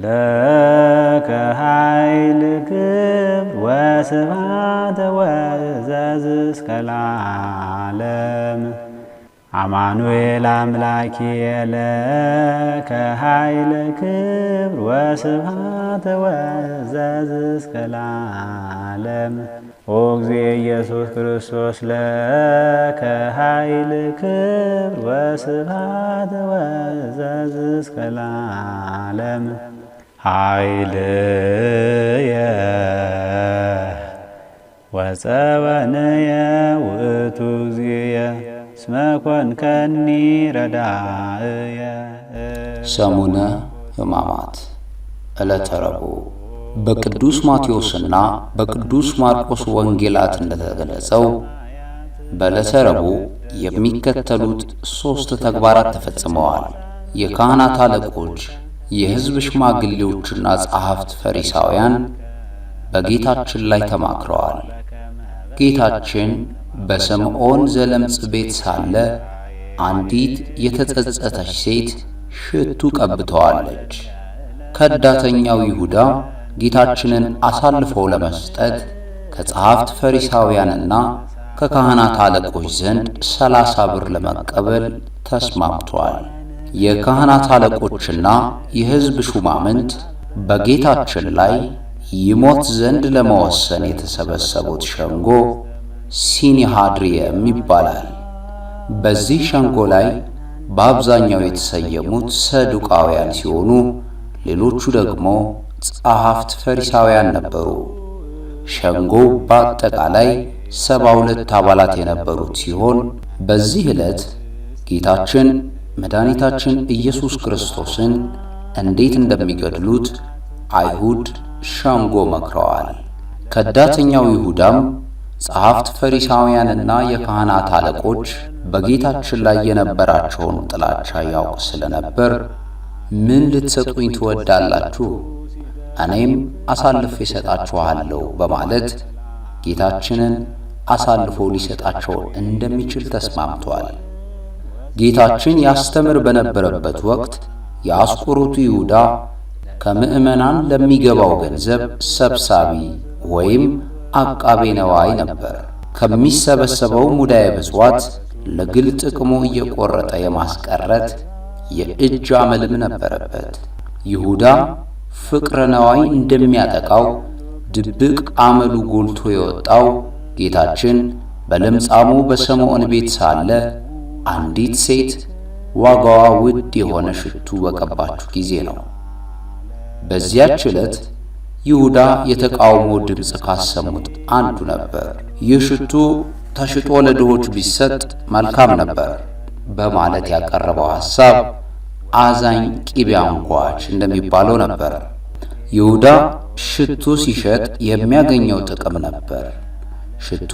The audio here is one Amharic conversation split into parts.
ለከ ኃይል ክብር ወስብሐት ወዘዝእስከ ለዓለም አማኑኤል አምላኪየ ለከ ኃይል ክብር ወስብሐት ወዘዝእስከ ለዓለም ኦ እግዚእ ኢየሱስ ክርስቶስ ለከ ኃይል ክብር ወስብሐት ወዘዝእስከ ለዓለም ኃይልየ ወፀወነየ ውእቱ እግዚእየ እስመ ኮንከኒ ረዳእየ። ሰሙነ ሕማማት ዕለተ ረቡዕ በቅዱስ ማቴዎስና በቅዱስ ማርቆስ ወንጌላት እንደተገለጸው በዕለተ ረቡዕ የሚከተሉት ሦስት ተግባራት ተፈጽመዋል። የካህናት አለቆች የሕዝብ ሽማግሌዎችና ጸሐፍት ፈሪሳውያን በጌታችን ላይ ተማክረዋል። ጌታችን በስምዖን ዘለምጽ ቤት ሳለ አንዲት የተጸጸተች ሴት ሽቱ ቀብተዋለች። ከዳተኛው ይሁዳ ጌታችንን አሳልፈው ለመስጠት ከጸሐፍት ፈሪሳውያንና ከካህናት አለቆች ዘንድ ሰላሳ ብር ለመቀበል ተስማምቷል። የካህናት አለቆችና የሕዝብ ሹማምንት በጌታችን ላይ ይሞት ዘንድ ለመወሰን የተሰበሰቡት ሸንጎ ሲኒሃድሪየም ይባላል። በዚህ ሸንጎ ላይ በአብዛኛው የተሰየሙት ሰዱቃውያን ሲሆኑ ሌሎቹ ደግሞ ጸሐፍት ፈሪሳውያን ነበሩ። ሸንጎው በአጠቃላይ ሰባ ሁለት አባላት የነበሩት ሲሆን በዚህ ዕለት ጌታችን መድኃኒታችን ኢየሱስ ክርስቶስን እንዴት እንደሚገድሉት አይሁድ ሸንጎ መክረዋል። ከዳተኛው ይሁዳም ጸሐፍት፣ ፈሪሳውያንና የካህናት አለቆች በጌታችን ላይ የነበራቸውን ጥላቻ ያውቅ ስለነበር ምን ልትሰጡኝ ትወዳላችሁ? እኔም አሳልፌ እሰጣችኋለሁ በማለት ጌታችንን አሳልፎ ሊሰጣቸው እንደሚችል ተስማምቷል። ጌታችን ያስተምር በነበረበት ወቅት የአስቆሮቱ ይሁዳ ከምዕመናን ለሚገባው ገንዘብ ሰብሳቢ ወይም አቃቤ ነዋይ ነበር። ከሚሰበሰበው ሙዳየ ምጽዋት ለግል ጥቅሙ እየቆረጠ የማስቀረት የእጅ አመልም ነበረበት። ይሁዳ ፍቅረ ነዋይ እንደሚያጠቃው ድብቅ አመሉ ጎልቶ የወጣው ጌታችን በለምጻሙ በሰምዖን ቤት ሳለ አንዲት ሴት ዋጋዋ ውድ የሆነ ሽቱ በቀባችሁ ጊዜ ነው። በዚያች ዕለት ይሁዳ የተቃውሞ ድምፅ ካሰሙት አንዱ ነበር። ይህ ሽቱ ተሽጦ ለድሆች ቢሰጥ መልካም ነበር በማለት ያቀረበው ሐሳብ አዛኝ ቂቤ አንጓች እንደሚባለው ነበር። ይሁዳ ሽቱ ሲሸጥ የሚያገኘው ጥቅም ነበር። ሽቱ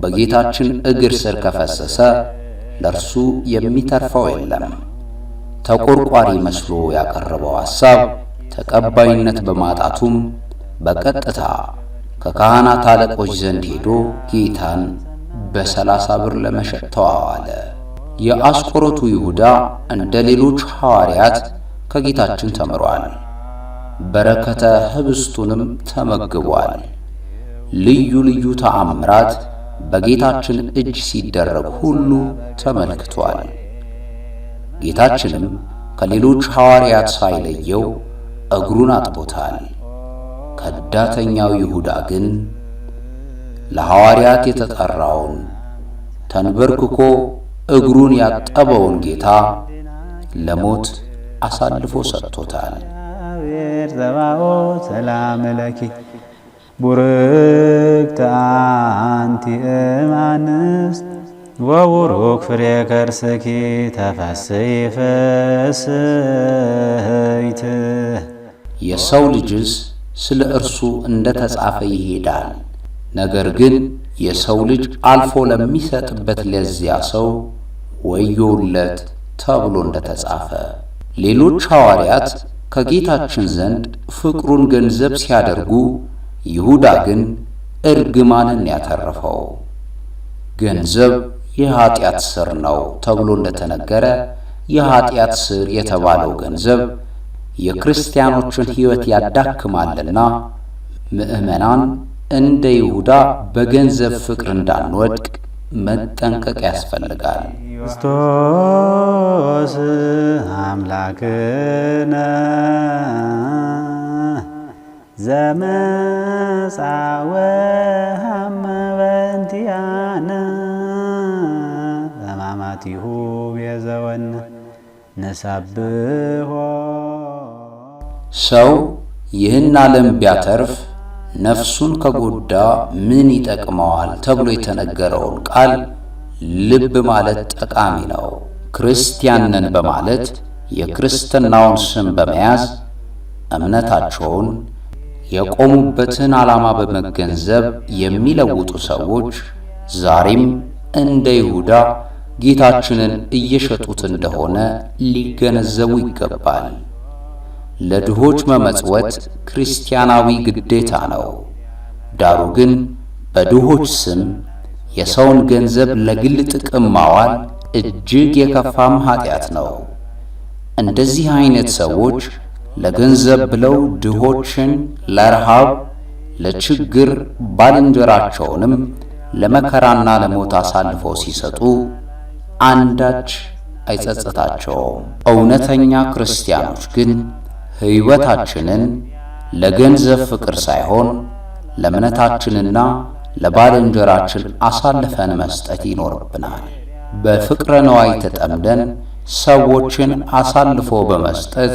በጌታችን እግር ስር ከፈሰሰ ለእርሱ የሚተርፈው የለም። ተቆርቋሪ መስሎ ያቀረበው ሐሳብ ተቀባይነት በማጣቱም በቀጥታ ከካህናት አለቆች ዘንድ ሄዶ ጌታን በሰላሳ ብር ለመሸጥ ተዋዋለ። የአስቆሮቱ ይሁዳ እንደ ሌሎች ሐዋርያት ከጌታችን ተምሯል። በረከተ ህብስቱንም ተመግቧል። ልዩ ልዩ ተአምራት በጌታችን እጅ ሲደረግ ሁሉ ተመልክቷል። ጌታችንም ከሌሎች ሐዋርያት ሳይለየው እግሩን አጥቦታል። ከዳተኛው ይሁዳ ግን ለሐዋርያት የተጠራውን ተንበርክኮ እግሩን ያጠበውን ጌታ ለሞት አሳልፎ ሰጥቶታል። ሰላም ለኪ ቡርክት አንቲ እምአንስት ወቡሩክ ፍሬ ከርስኪ ተፈሥሒ ፍሥሕት። የሰው ልጅስ ስለ እርሱ እንደ ተጻፈ ይሄዳል። ነገር ግን የሰው ልጅ አልፎ ለሚሰጥበት ለዚያ ሰው ወዮለት ተብሎ እንደ ተጻፈ። ሌሎች ሐዋርያት ከጌታችን ዘንድ ፍቅሩን ገንዘብ ሲያደርጉ ይሁዳ ግን እርግማንን ያተረፈው። ገንዘብ የኀጢአት ስር ነው ተብሎ እንደተነገረ የኀጢአት ስር የተባለው ገንዘብ የክርስቲያኖችን ሕይወት ያዳክማልና ምዕመናን እንደ ይሁዳ በገንዘብ ፍቅር እንዳንወድቅ መጠንቀቅ ያስፈልጋል። ክርስቶስ አምላክነ ዘመፃወ ሃመበንቲያነ በማማቲሁ ቤዘወነ ሰው ይህን ዓለም ቢያተርፍ ነፍሱን ከጎዳ ምን ይጠቅመዋል ተብሎ የተነገረውን ቃል ልብ ማለት ጠቃሚ ነው። ክርስቲያንን በማለት የክርስትናውን ስም በመያዝ እምነታቸውን የቆሙበትን ዓላማ በመገንዘብ የሚለውጡ ሰዎች ዛሬም እንደ ይሁዳ ጌታችንን እየሸጡት እንደሆነ ሊገነዘቡ ይገባል። ለድሆች መመጽወት ክርስቲያናዊ ግዴታ ነው። ዳሩ ግን በድሆች ስም የሰውን ገንዘብ ለግል ጥቅም ማዋል እጅግ የከፋም ኃጢአት ነው። እንደዚህ አይነት ሰዎች ለገንዘብ ብለው ድሆችን ለረሃብ ለችግር ባልንጀራቸውንም ለመከራና ለሞት አሳልፈው ሲሰጡ አንዳች አይጸጽታቸውም። እውነተኛ ክርስቲያኖች ግን ሕይወታችንን ለገንዘብ ፍቅር ሳይሆን ለእምነታችንና ለባልንጀራችን አሳልፈን መስጠት ይኖርብናል። በፍቅረ ነዋይ ተጠምደን ሰዎችን አሳልፎ በመስጠት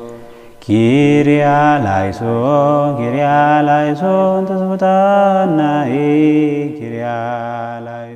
ኪሪያ ላይሶን ኪሪያ ላይሶን ተስቦታናይ ኪሪያ ላይ